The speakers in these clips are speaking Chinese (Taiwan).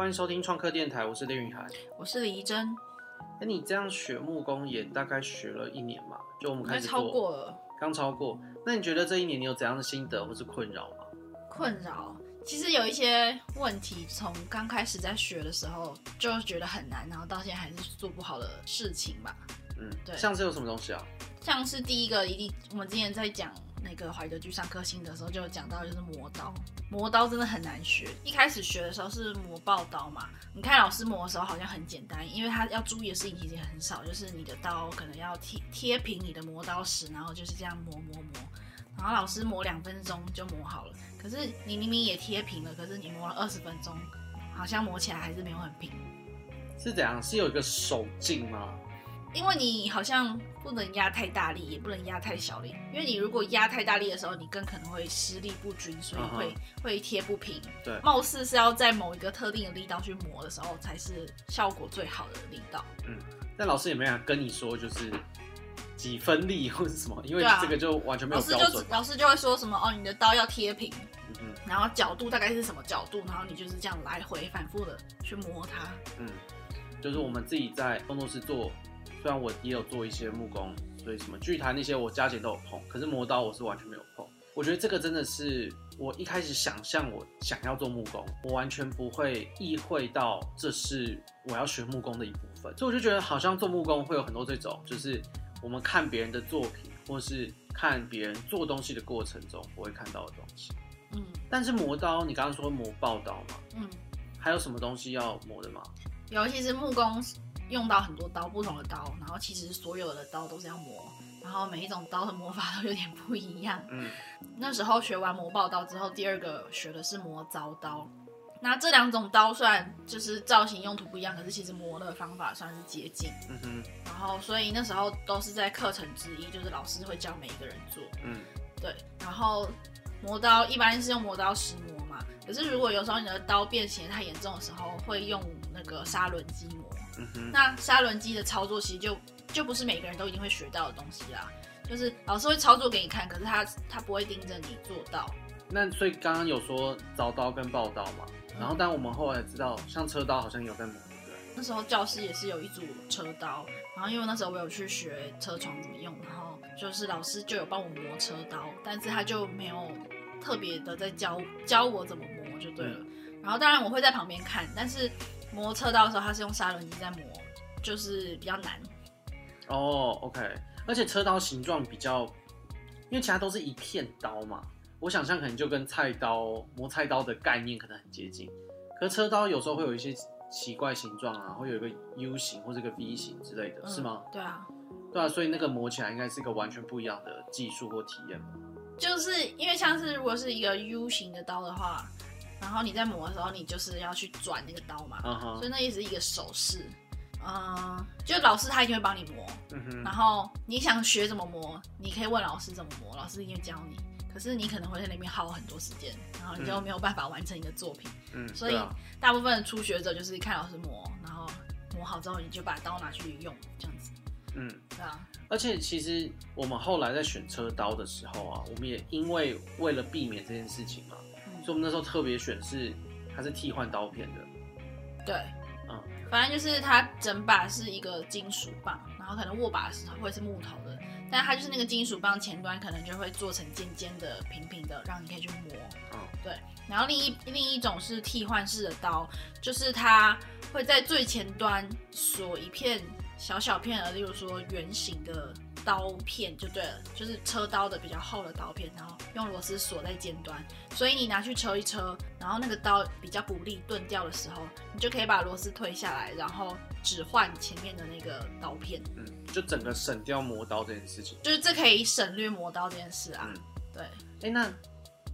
歡迎收聽創客電台，我是林雲涵，我是李怡珍。哎，你這樣學木工也大概學了一年嘛？就我們開始超過了，剛超過。那你覺得這一年你有怎樣的心得或是困擾嗎？困擾，其實有一些問題，從剛開始在學的時候就覺得很難，然後到現在還是做不好的事情吧。嗯，對。像是有什麼東西啊？像是第一個一定，我們今天在講。那個懷德居上課星的時候就有講到，就是磨刀，磨刀真的很難學。一開始學的時候是磨鉋刀嘛，你看老師磨的時候好像很簡單，因為他要注意的事情其實很少，就是你的刀可能要貼貼平你的磨刀石，然後就是這樣磨磨磨。然後老師磨兩分鐘就磨好了，可是你明明也貼平了，可是你磨了二十分鐘，好像磨起來還是沒有很平。是怎樣？是有一個手勁嗎？因為你好像不能壓太大力，也不能壓太小力。因為你如果壓太大力的時候，你更可能會施力不均，所以會、uh -huh. 會貼不平。對，貌似是要在某一個特定的力道去磨的時候，才是效果最好的力道。嗯，但老師也沒有跟你說就是幾分力或是什麼？啊、因為這個就完全沒有標準。老師就老師就會說什麼哦，你的刀要貼平，嗯嗯，然後角度大概是什麼角度？然後你就是這樣來回反覆的去磨它。嗯，就是我們自己在工作室做。雖然我也有做一些木工，所以什麼鋸台那些我加減，都有碰，可是磨刀我是完全沒有碰。我覺得這個真的是我一開始想象我想要做木工，我完全不會意會到這是我要學木工的一部分。所以我就覺得好像做木工會有很多這種，就是我們看別人的作品，或是看別人做東西的過程中，我會看到的東西。嗯。但是磨刀，你剛剛說磨刨刀嘛？嗯。還有什麼東西要磨的嗎？尤其是木工。用到很多刀，不同的刀，然後其實所有的刀都是要磨，然後每一種刀的磨法都有點不一樣。嗯，那時候學完磨刨刀之後，第二個學的是磨鑿刀，那這兩種刀雖然就是造型用途不一樣，可是其實磨的方法算是接近。嗯，然後所以那時候都是在課程之一，就是老師會教每一個人做。嗯，對。然後磨刀一般是用磨刀石磨嘛，可是如果有時候你的刀變形太嚴重的時候，會用那個砂輪機磨。嗯、那砂輪機的操作其實就就不是每個人都一定會學到的東西啦，就是老師會操作給你看，可是他他不會盯着你做到。那所以剛剛有說鑿刀跟刨刀嘛、嗯，然後但我們後來知道，像車刀好像有在磨，對。那時候教室也是有一組車刀，然後因為那時候我有去學車床怎麼用，然後就是老師就有幫我磨車刀，但是他就沒有特別的在教教我怎麼磨就對了、嗯。然後當然我會在旁邊看，但是。磨車刀的時候，它是用砂輪機在磨，就是比較難。哦、oh，OK，而且車刀形狀比較，因為其他都是一片刀嘛，我想象可能就跟菜刀磨菜刀的概念可能很接近。可是車刀有時候會有一些奇怪形狀啊，會有一個 U 型或是個 V 型之類的、嗯、是嗎？對啊，對啊，所以那個磨起來應該是一個完全不一樣的技術或體驗。就是因為像是如果是一個 U 型的刀的話。然後你在磨的時候，你就是要去轉那個刀嘛，Uh-huh. 所以那也是一個手勢，嗯、呃，就老師他一定會幫你磨，Uh-huh. 然後你想學怎麼磨，你可以問老師怎麼磨，老師一定會教你，可是你可能會在那邊耗很多時間，然後你就沒有辦法完成你的作品，嗯，所以大部分的初學者就是看老師磨，嗯啊、然後磨好之後你就把刀拿去用這樣子，嗯，對啊，而且其實我們後來在選車刀的時候啊，我們也因為為了避免這件事情嘛。我們那時候特別選是，它是替換刀片的，對，嗯，反正就是它整把是一個金屬棒，然後可能握把是會是木頭的，但它就是那個金屬棒前端可能就會做成尖尖的、平平的，讓你可以去磨，嗯，對。然後另一另一種是替換式的刀，就是它會在最前端鎖一片小小片的，例如說圓形的。刀片就對了，就是車刀的比較厚的刀片，然後用螺絲鎖在尖端，所以你拿去車一車，然後那個刀比較不利鈍掉的時候，你就可以把螺絲推下來，然後只換前面的那個刀片。嗯，就整個省掉磨刀這件事情，就是這可以省略磨刀這件事啊。嗯，對。哎、欸，那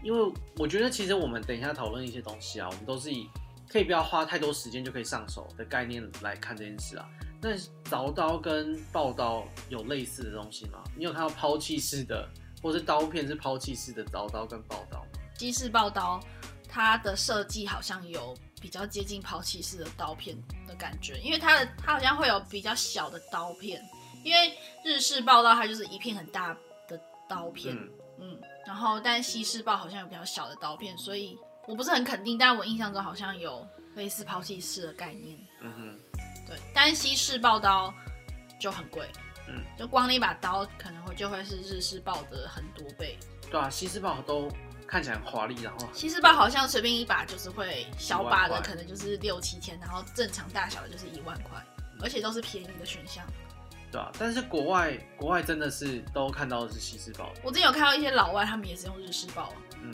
因為我覺得其實我們等一下討論一些東西啊，我們都是以可以不要花太多時間就可以上手的概念來看這件事啊。是鑿刀跟刨刀有類似的東西嗎？你有看到拋棄式的，或是刀片是拋棄式的鑿刀跟刨刀嗎？西式刨刀，它的設計好像有比較接近拋棄式的刀片的感覺，因為它的它好像會有比較小的刀片，因為日式刨刀它就是一片很大的刀片，嗯，嗯，然後但西式刨好像有比較小的刀片，所以我不是很肯定，但我印象中好像有類似拋棄式的概念，嗯對，但西式鉋刀就很貴，嗯，就光那一把刀可能會就會是日式鉋的很多倍。對啊，西式鉋都看起來很華麗，然後西式鉋好像隨便一把就是會小把的，可能就是六七千，然後正常大小的就是一萬塊，嗯，而且都是便宜的選項。對啊，但是國外國外真的是都看到的是西式鉋。我之前有看到一些老外，他們也是用日式鉋，嗯，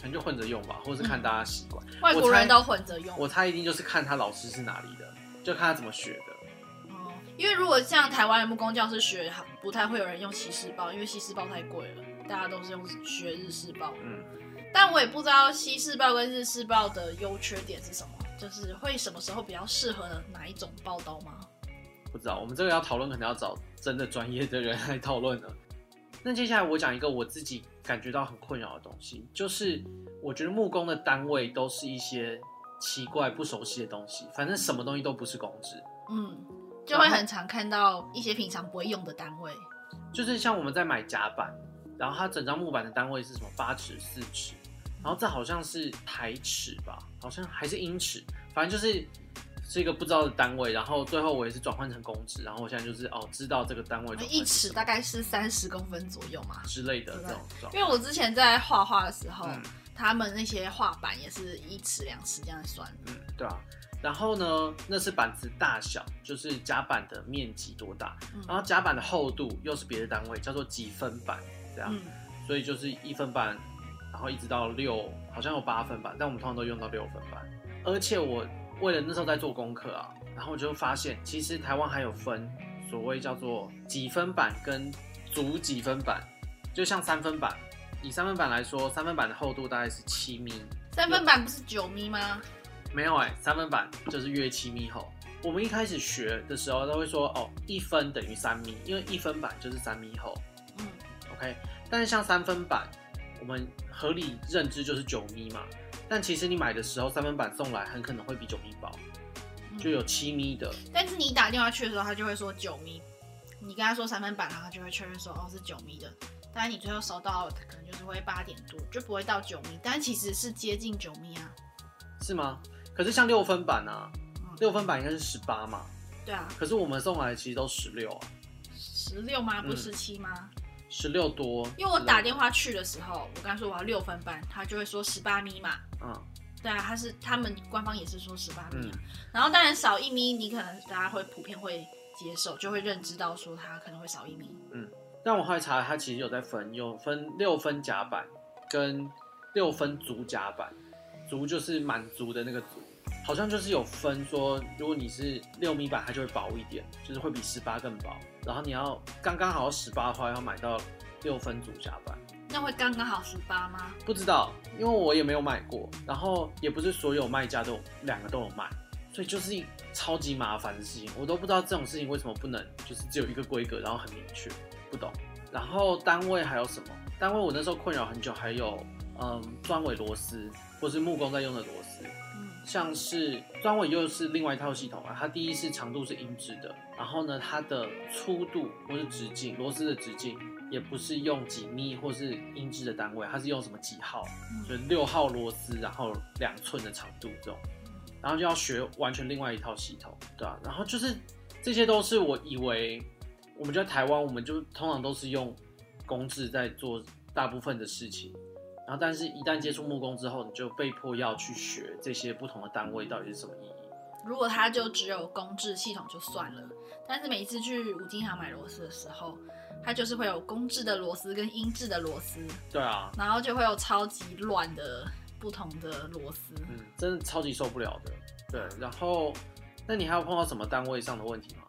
反正就混着用吧，或是看大家習慣。嗯，外國人都混着用我。我猜一定就是看他老師是哪裡的。就看他怎麼學的、嗯、因為如果像台灣的木工教室學，不太會有人用西式刨，因為西式刨太貴了，大家都是用學日式刨。嗯，但我也不知道西式刨跟日式刨的優缺點是什麼，就是會什麼時候比較適合哪一種刨刀嗎？不知道，我們這個要討論，可能要找真的專業的人來討論了。那接下來我講一個我自己感覺到很困擾的東西，就是我覺得木工的單位都是一些。奇怪、不熟悉的東西，反正什麼東西都不是公制，嗯，就會很常看到一些平常不會用的單位，就是像我們在買夾板，然後它整張木板的單位是什麼八尺四尺，然後這好像是台尺吧，好像還是英尺，反正就是是一個不知道的單位，然後最後我也是轉換成公尺，然後我現在就是哦，知道這個單位一尺大概是三十公分左右嘛之類的這種，因為我之前在畫畫的時候。嗯他們那些畫板也是一尺兩尺這樣算的，嗯，對啊。然後呢，那是板子大小，就是夾板的面積多大，嗯、然後夾板的厚度又是別的單位，叫做幾分板這樣、嗯，所以就是一分板，然後一直到六，好像有八分板，但我們通常都用到六分板。而且我為了那時候在做功課啊，然後我就發現，其實台灣還有分所謂叫做幾分板跟足幾分板，就像三分板。以三分板來說，三分板的厚度大概是七米。三分板不是九米嗎？沒有哎、欸，三分板就是約七米厚。我們一開始學的時候都會說哦，一分等於三米，因為一分板就是三米厚。嗯，OK。但是像三分板，我們合理認知就是九米嘛。但其實你買的時候，三分板送來很可能會比九米薄，就有七米的、嗯。但是你打電話去的時候，他就會說九米。你跟他說三分板，然後他就會確認說哦，是九米的。但你最後收到可能就是會八點多，就不會到九米，但其實是接近九米啊。是嗎？可是像六分板啊，嗯、六分板應該是十八嘛。對啊。可是我們送來的其實都十六啊。十六嗎？不十七嗎？嗯、十六多，因為我打電話去的時候，我剛才說我要六分板，他就會說十八米嘛。嗯。對啊，他是他們官方也是說十八米，嗯，然後當然少一米，你可能大家會普遍會接受，就會認知到說他可能會少一米。嗯。但我後來查，它其實有在分，有分六分夾板跟六分足夾板，足就是滿足的那個足，好像就是有分說，如果你是六米板，它就會薄一點，就是會比十八更薄。然後你要剛剛好十八的話，要買到六分足夾板。那會剛剛好十八嗎？不知道，因為我也沒有買過。然後也不是所有賣家都兩個都有賣，所以就是一超級麻煩的事情，我都不知道這種事情為什麼不能就是只有一個規格，然後很明確。不懂，然後單位還有什麼？單位我那時候困擾很久，還有嗯，鑽尾螺絲，或是木工在用的螺絲，嗯、像是鑽尾又是另外一套系統啊。它第一是長度是英制的，然後呢，它的粗度或是直徑，螺絲的直徑也不是用幾米或是英制的單位，它是用什麼幾號？就、嗯、六號螺絲，然後兩寸的長度這種，然後就要學完全另外一套系統，對吧、啊？然後就是這些都是我以為。我們就在台灣，我們就通常都是用公制在做大部分的事情，然後但是一旦接觸木工之後，你就被迫要去學這些不同的單位到底是什麼意義。如果它就只有公制系統就算了，但是每次去五金行買螺絲的時候，它就是會有公制的螺絲跟英制的螺絲。對啊。然後就會有超級亂的不同的螺絲，嗯，真的超級受不了的。對，然後那你還有碰到什麼單位上的問題嗎？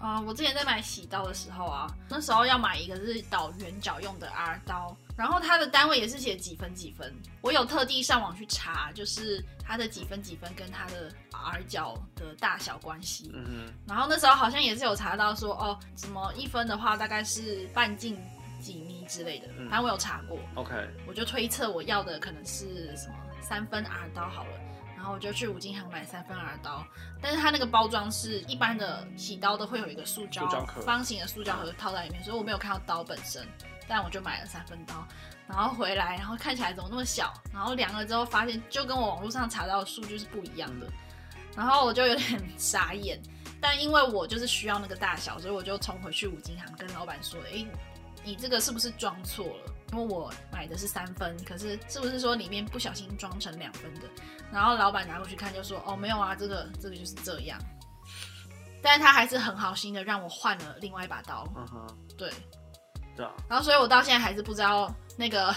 啊、嗯，我之前在買銑刀的時候啊，那時候要買一個是倒圓角用的 R 刀，然後它的單位也是寫幾分幾分。我有特地上網去查，就是它的幾分幾分跟它的 R 角的大小關係。嗯。然後那時候好像也是有查到說，哦，什麼一分的話大概是半徑幾米之類的，反正我有查過。嗯、OK。我就推測我要的可能是什麼三分 R 刀好了。然後我就去五金行買三分二刀，但是它那個包裝是一般的，銑刀都會有一個塑膠方形的塑膠盒套在裡面，所以我沒有看到刀本身。但我就買了三分刀，然後回來，然後看起來怎麼那麼小？然後量了之後發現就跟我網絡上查到的數據是不一樣的，然後我就有點傻眼。但因為我就是需要那個大小，所以我就衝回去五金行跟老闆說：“哎，你這個是不是裝錯了？”因為我買的是三分，可是是不是說裡面不小心裝成兩分的？然後老闆拿過去看，就說：“哦，沒有啊，這個這個就是這樣。”但是他還是很好心的讓我換了另外一把刀。嗯、啊、哼，對，對啊。然後，所以我到現在還是不知道那個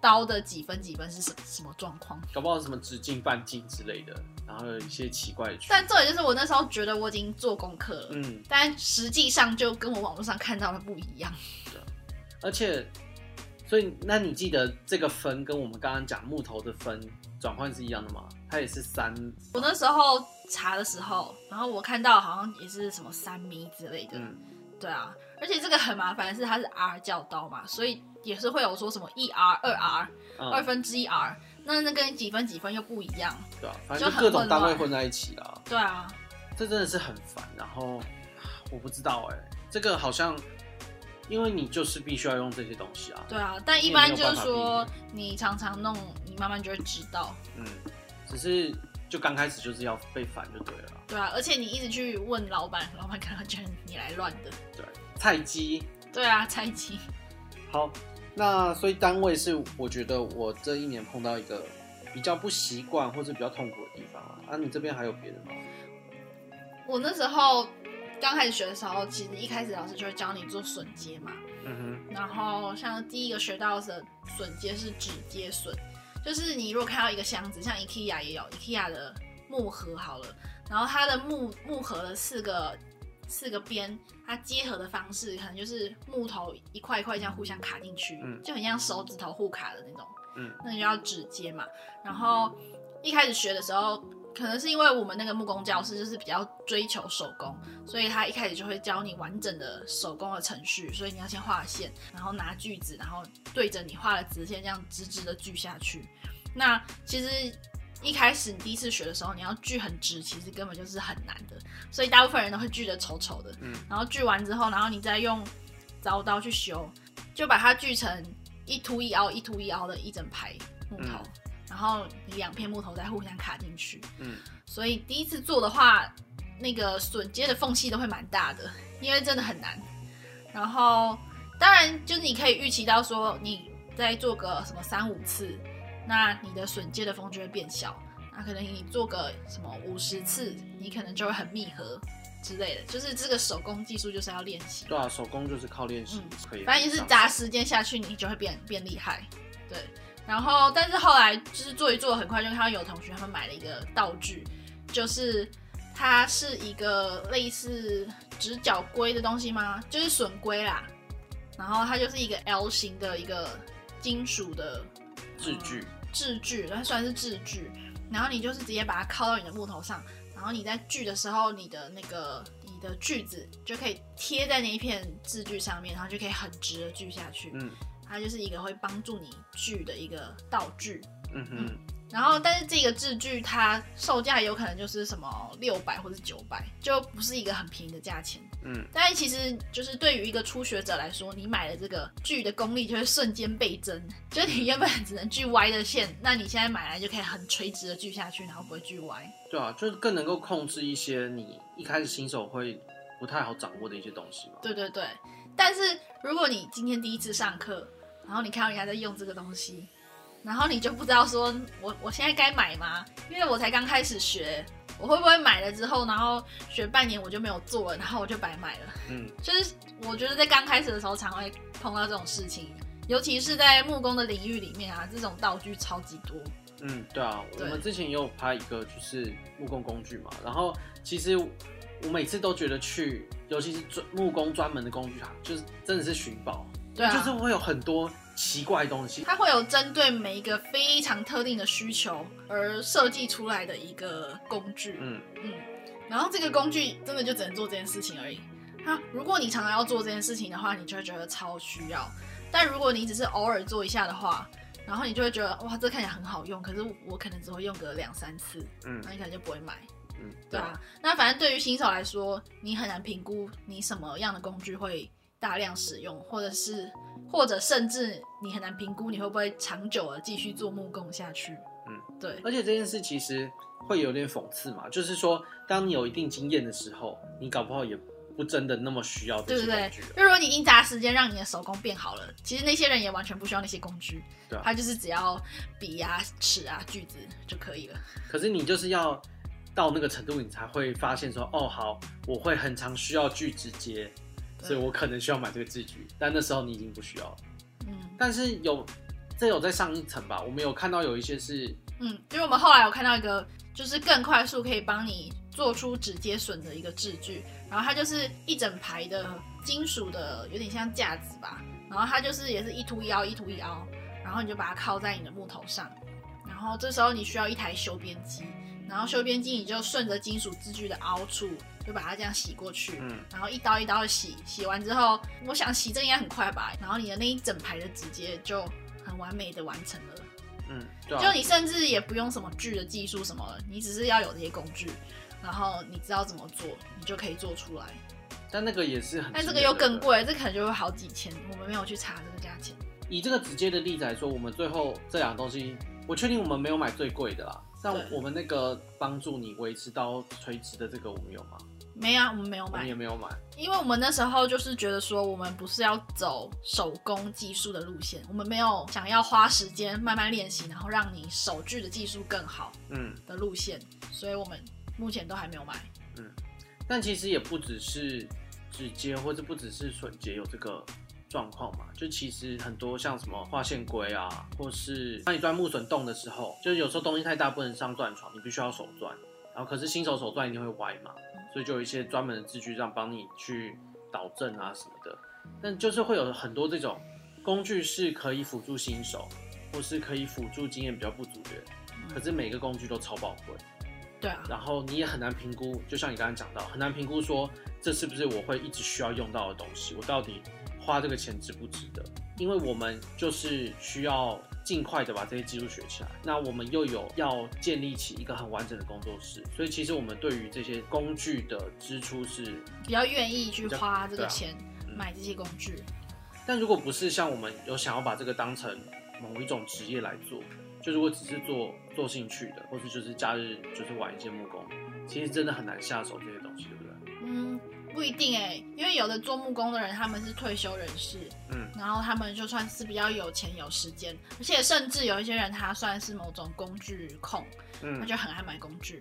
刀的幾分幾分是什麼什麼狀況，搞不好什麼直徑、半徑之類的，然後有一些奇怪的。但這裡就是我那時候覺得我已經做功課了，嗯，但實際上就跟我網絡上看到的不一樣。對啊，而且。所以，那你記得這個分跟我們剛剛講木頭的分轉換是一樣的嗎？它也是三。我那時候查的時候，然後我看到好像也是什麼三米之類的。嗯、對啊，而且這個很麻煩的是它是 r 角刀嘛，所以也是會有說什麼一 r、ER, 嗯、二 r、二分之一 r，那那跟幾分幾分又不一樣。對啊，反正就各種單位混在一起啊。對啊。這真的是很煩，然後我不知道哎、欸，這個好像。因為你就是必須要用這些東西啊。對啊，但一般就是說，你常常弄，你慢慢就會知道。嗯，只是就剛開始就是要被煩就對了。對啊，而且你一直去問老闆，老闆可能覺得你來亂的。對，菜雞。對啊，菜雞。好，那所以單位是我覺得我這一年碰到一個比較不習慣或者比較痛苦的地方啊。啊，你這邊還有別的嗎？我那時候。剛開始學的時候，其實一開始老師就會教你做榫接嘛。嗯，然後像第一個學到的榫接是指接榫，就是你如果看到一個箱子，像 IKEA 也有 IKEA 的木盒好了，然後它的木木盒的四個四個邊，它接合的方式可能就是木頭一塊一塊，一塊這樣互相卡進去，嗯，就很像手指頭互卡的那種。嗯。那你就要指接嘛。然後一開始學的時候。可能是因為我們那個木工教室就是比較追求手工，所以他一開始就會教你完整的手工的程序，所以你要先畫線，然後拿鋸子，然後對着你畫的直線這樣直直的鋸下去。那其實一開始你第一次學的時候，你要鋸很直，其實根本就是很難的，所以大部分人都會鋸得醜醜的。嗯。然後鋸完之後，然後你再用鑿刀去修，就把它鋸成一凸一凹、一凸一凹的一整排木頭。然後你兩片木頭再互相卡進去，嗯，所以第一次做的話，那個榫接的縫隙都會蠻大的，因為真的很難。然後當然就是你可以預期到說，你再做個什麼三五次，那你的榫接的縫就會變小。那可能你做個什麼五十次，你可能就會很密合之類的。就是這個手工技術就是要練習，對啊，手工就是靠練習、嗯、可以。反正是砸時間下去，你就會變變厲害，對。然後，但是後來就是做一做，很快就看到有同學他們買了一個道具，就是它是一個類似直角規的東西嗎？就是榫規啦。然後它就是一個 L 型的一個金屬的呃，治具，治具，它算是治具。然後你就是直接把它靠到你的木頭上，然後你在鋸的時候，你的那個你的鋸子就可以貼在那一片治具上面，然後就可以很直的鋸下去。嗯。它就是一個會幫助你鋸的一個道具，嗯哼，嗯，然後但是這個治具它售價有可能就是什麼六百、或者九百，就不是一個很便宜的價錢，嗯，但其實就是對於一個初學者來說，你買了這個鋸的功力就會瞬間倍增，就是你原本只能鋸歪的線，那你現在買來就可以很垂直的鋸下去，然後不會鋸歪。對啊，就是更能夠控制一些你一開始新手會不太好掌握的一些東西吧。對對對，但是如果你今天第一次上課，然後你看到人家在用這個東西，然後你就不知道說我我現在該買嗎？因為我才剛開始學，我會不會買了之後，然後學半年我就沒有做了，然後我就白買了。嗯，就是我覺得在剛開始的時候，常會碰到這種事情，尤其是在木工的領域裡面啊，這種道具超級多。嗯，對啊，對，我們之前也有拍一個就是木工工具嘛，然後其實我，我每次都覺得去，尤其是專木工專門的工具行，就是真的是尋寶。對啊，就是會有很多奇怪的東西，它會有針對每一個非常特定的需求而設計出來的一個工具，嗯嗯，然後這個工具真的就只能做這件事情而已。哈、啊，如果你常常要做這件事情的話，你就會覺得超需要；但如果你只是偶爾做一下的話，然後你就會覺得哇，這看起來很好用，可是我可能只會用個兩三次，嗯，那你可能就不會買，嗯，對啊。嗯，對啊。那反正對於新手來說，你很難評估你什麼樣的工具會。大量使用，或者是，或者甚至你很難評估你會不會長久的繼續做木工下去。嗯，對。而且這件事其實會有點諷刺嘛，就是說，當你有一定經驗的時候，你搞不好也不真的那麼需要這些工具。對對對。就如果你硬砸時間讓你的手工變好了，其實那些人也完全不需要那些工具。對。他就是只要筆啊、尺啊、鋸子就可以了。可是你就是要到那個程度，你才會發現說，哦，好，我會很常需要鋸直接。所以我可能需要買這個治具，但那時候你已經不需要了。嗯，但是有這有在上一層吧，我們有看到有一些是，嗯，因為我們後來有看到一個就是更快速可以幫你做出直接榫的一個治具，然後它就是一整排的金屬的，有點像架子吧，然後它就是也是一凸一凹一凸一凹，然後你就把它靠在你的木頭上，然後這時候你需要一台修邊機，然後修邊機你就順着金屬治具的凹處。就把它這樣洗過去，嗯，然後一刀一刀的洗，洗完之後，我想洗這個應該很快吧。然後你的那一整排的直接就很完美的完成了，嗯，對啊，就你甚至也不用什麼鋸的技術什麼的，你只是要有這些工具，然後你知道怎麼做，你就可以做出來。但那個也是很，但這個又更貴，這個可能就會好幾千，我們沒有去查這個價錢。以這個直接的例子來說，我們最後這兩個東西，我確定我們沒有買最貴的啦。像我們那個幫助你維持到垂直的這個，我們有嗎？沒有、啊，我們沒有買，我也沒有買，因為我們那時候就是覺得說，我們不是要走手工技術的路線，我們沒有想要花時間慢慢練習，然後讓你手鋸的技術更好，嗯，的路線、嗯，所以我們目前都還沒有買，嗯。但其實也不只是指接或者不只是榫接有這個狀況嘛，就其實很多像什麼畫線規啊，或是當你鑽木榫洞的時候就有時候東西太大不能上鑽床，你必須要手鑽，然後可是新手手鑽一定會歪嘛。所以就有一些專門的字據，這樣幫你去導正啊什麼的，但就是會有很多這種工具是可以輔助新手，或是可以輔助經驗比較不足的人。可是每個工具都超寶貴，對啊。然後你也很難評估，就像你剛剛講到，很難評估說，這是不是我會一直需要用到的東西，我到底花這個錢值不值得？因為我們就是需要。儘快的把這些技術學起來。那我們又有要建立起一個很完整的工作室，所以其實我們對於這些工具的支出是比較願意去花這個錢買這些工具。對啊。嗯。但如果不是像我們有想要把這個當成某一種職業來做，就如果只是做做興趣的，或者就是假日就是玩一些木工，其實真的很難下手這些東西，對不對？嗯。不一定哎、欸，因為有的做木工的人他們是退休人士，嗯，然後他們就算是比較有錢有時間，而且甚至有一些人他算是某種工具控，嗯，他就很愛買工具，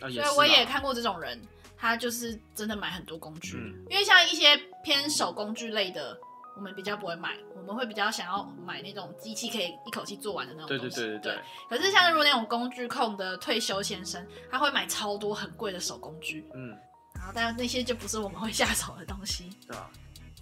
啊、所以我也看過這種人，他就是真的買很多工具，嗯，因為像一些偏手工具類的，我們比較不會買，我們會比較想要買那種機器可以一口氣做完的那種東西。對對對對對。可是像是如果那種工具控的退休先生，他會買超多很貴的手工具，嗯。然後，但那些就不是我們會下手的東西，對吧、啊？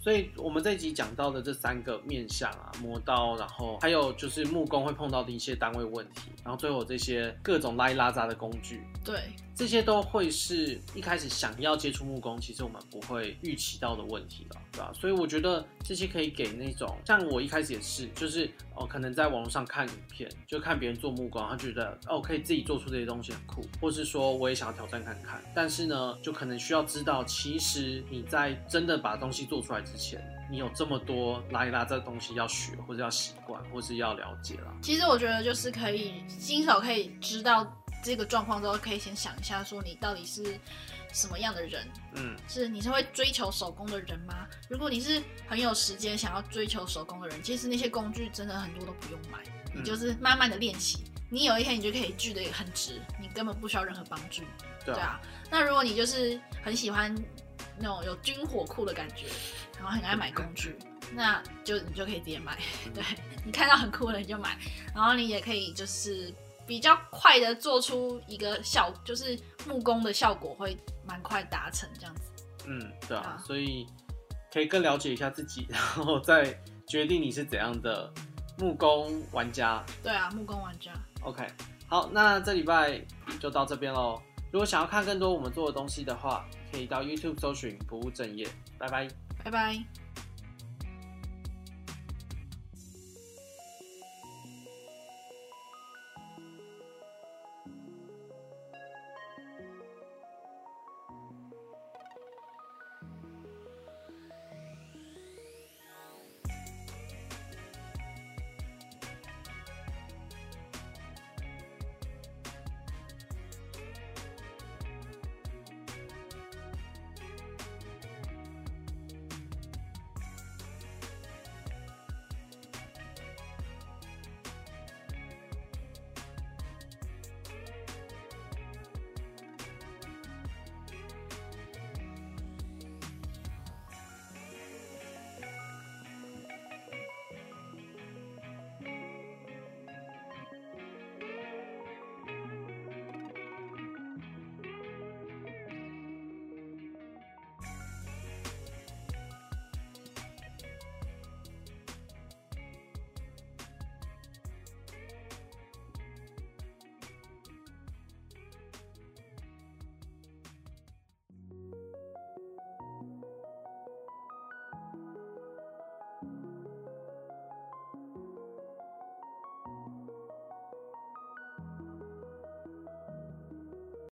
所以，我們這一集講到的這三個面向啊，磨刀，然後還有就是木工會碰到的一些單位問題，然後最後這些各種拉一拉雜的工具，對。這些都會是一開始想要接觸木工，其實我們不會預期到的問題了，對吧？所以我覺得這些可以給那種像我一開始也是，就是哦、呃，可能在網絡上看影片，就看別人做木工，他覺得哦，可以自己做出這些東西很酷，或是說我也想要挑戰看看。但是呢，就可能需要知道，其實你在真的把東西做出來之前，你有這麼多拉一拉這東西要學，或者要習慣，或是要了解啦。其實我覺得就是可以新手可以知道。這個狀況之後，可以先想一下，說你到底是什麼樣的人？嗯，是你是會追求手工的人嗎？如果你是很有時間想要追求手工的人，其實那些工具真的很多都不用買，嗯、你就是慢慢的練習，你有一天你就可以鋸得很直，你根本不需要任何幫助對、啊。對啊。那如果你就是很喜歡那種有軍火庫的感覺，然後很愛買工具，嗯嗯、那就你就可以直接買。嗯、 對你看到很酷的你就買，然後你也可以就是。比較快的做出一個效果，就是木工的效果會蠻快達成這樣子。嗯，對啊,啊，所以可以更了解一下自己，然後再決定你是怎樣的木工玩家。對啊，木工玩家。OK，好，那這禮拜就到這邊嘍。如果想要看更多我們做的東西的話，可以到 YouTube 搜尋不務正業。拜拜，拜拜。